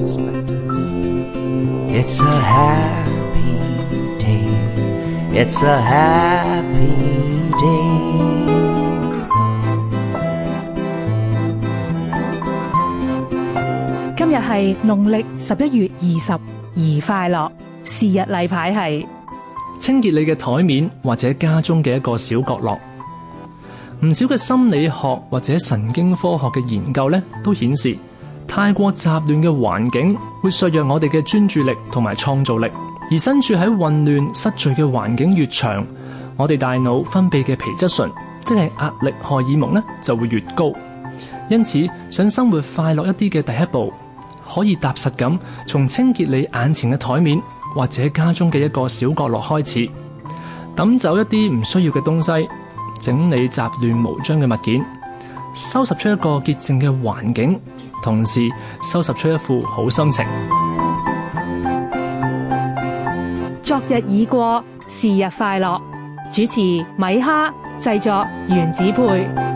It's a happy day. It's a happy day. 今日係農曆十一月二十，而快樂是日例牌係清潔你嘅台面或者家中嘅一個小角落。唔少嘅心理學或者神經科學嘅研究咧，都顯示。太過雜亂嘅環境會削弱我哋嘅專注力同埋創造力，而身處喺混亂失序嘅環境越長，我哋大腦分泌嘅皮質醇，即係壓力荷爾蒙呢，就會越高。因此，想生活快樂一啲嘅第一步，可以踏實咁從清潔你眼前嘅台面或者家中嘅一個小角落開始，抌走一啲唔需要嘅東西，整理雜亂無章嘅物件，收拾出一個潔淨嘅環境。同時收拾出一副好心情。昨日已過，是日快樂。主持米哈，製作原子配。